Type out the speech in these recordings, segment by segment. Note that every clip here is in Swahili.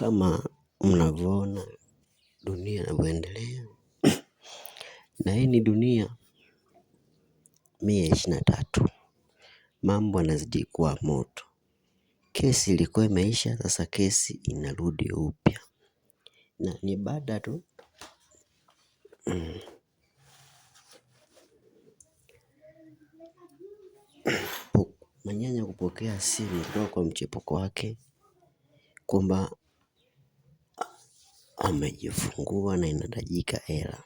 Kama mnavyoona dunia inavyoendelea na hii ni dunia mia ishirini na tatu. Mambo yanazidi kuwa moto. Kesi ilikuwa imeisha, sasa kesi inarudi upya na ni baada tu Manyanya kupokea simu kutoka kwa mchepuko wake kwamba amejifungua na inatajika hela.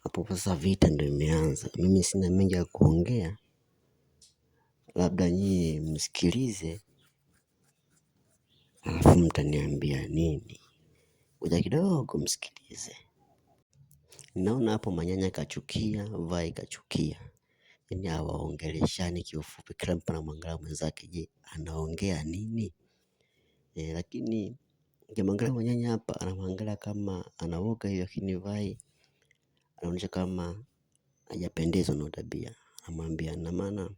Hapo sasa vita ndio imeanza. Mimi sina mengi ya kuongea. Labda nyie msikilize alafu mtaniambia nini. kuja kidogo msikilize. Naona hapo manyanya kachukia, Vai kachukia. Yaani hawaongeleshani kiufupi, kila mtu anamwangalia mwenzake, je, anaongea nini? Eh, lakini Ukimwangalia kwa hapa anamwangalia kama anawoga hiyo, lakini vai anaonyesha kama hajapendezwa na tabia namwambia ina maana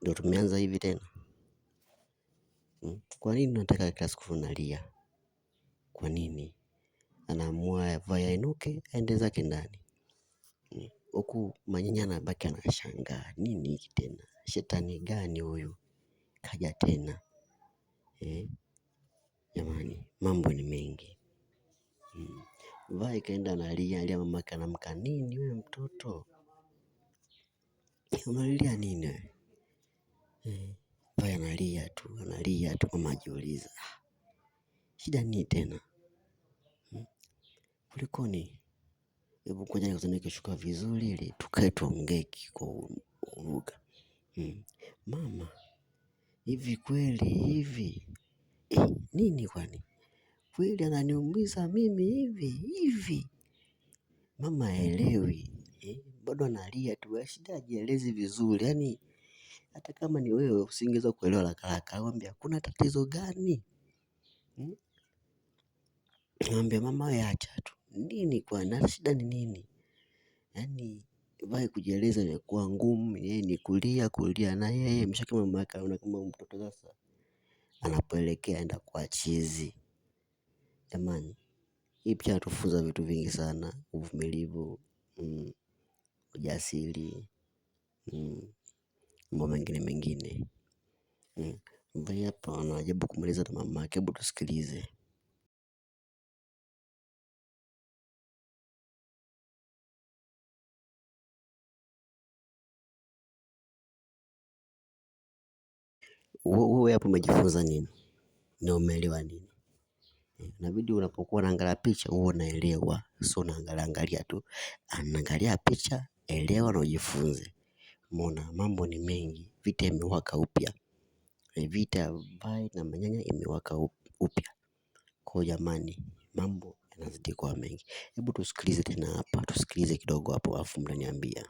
ndio tumeanza hivi tena hmm, Kwa nini unataka kila siku unalia Kwa nini anaamua vai ainuke aende zake ndani hmm, Huku manyanya anabaki anashangaa nini hiki tena shetani gani huyu kaja tena eh, Jamani, mambo ni mengi. Hmm. Vaa ikaenda analia, alia mamake anamka, nini wewe mtoto? Unalia nini wewe? Hmm. Vaa analia tu, analia tu, mama ajiuliza. Ah. Shida nini tena? Hmm. Kulikoni? Hebu kuja nikutanike kishuka vizuri ili tukae tuongee kwa lugha. Mama, hivi kweli hivi eh, nini kwani kweli ananiumiza mimi hivi hivi, mama haelewi eh, bado analia tu, eh, shida ajielezi vizuri. Yani hata kama ni wewe usingeweza kuelewa haraka haraka, anambia kuna tatizo gani hmm? Anambia mama wewe acha tu nini kwani, shida ni nini? Yani vai kujieleza imekuwa ngumu, yeye ni kulia kulia, na yeye mshake mama yake anaona kama mtoto sasa anapoelekea enda kwa chizi jamani hii picha inatufunza vitu vingi sana uvumilivu mm, ujasiri mm, mambo mengine mengine mm. hapa anajaribu kumaliza na mamake hebu tusikilize. wewe hapo umejifunza nini na umeelewa nini? Eh, inabidi unapokuwa unaangalia picha huo unaelewa, sio unaangalia angalia tu, anaangalia picha, elewa na ujifunze. Mbona mambo ni mengi, vita imewaka upya, eh, vita vai na manyanya imewaka upya. Kwa jamani, mambo yanazidi kuwa mengi, hebu tusikilize tena hapa, tusikilize kidogo hapo, afu mtaniambia.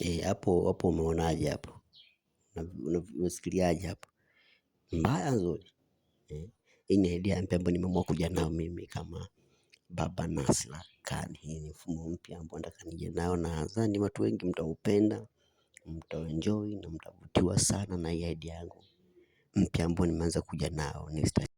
Eh, hapo hapo umeonaje hapo? Unasikiliaje hapo? Mbaya nzuri? Eh, hii ni idea ya mpembo nimeamua kuja nao mimi kama Baba Nasra Khan. Hii ni mfumo mpya ambao nataka nije nao na nadhani watu wengi mtaupenda, mtaenjoy na mtavutiwa sana na hii idea yangu mpya ambayo nimeanza kuja nao.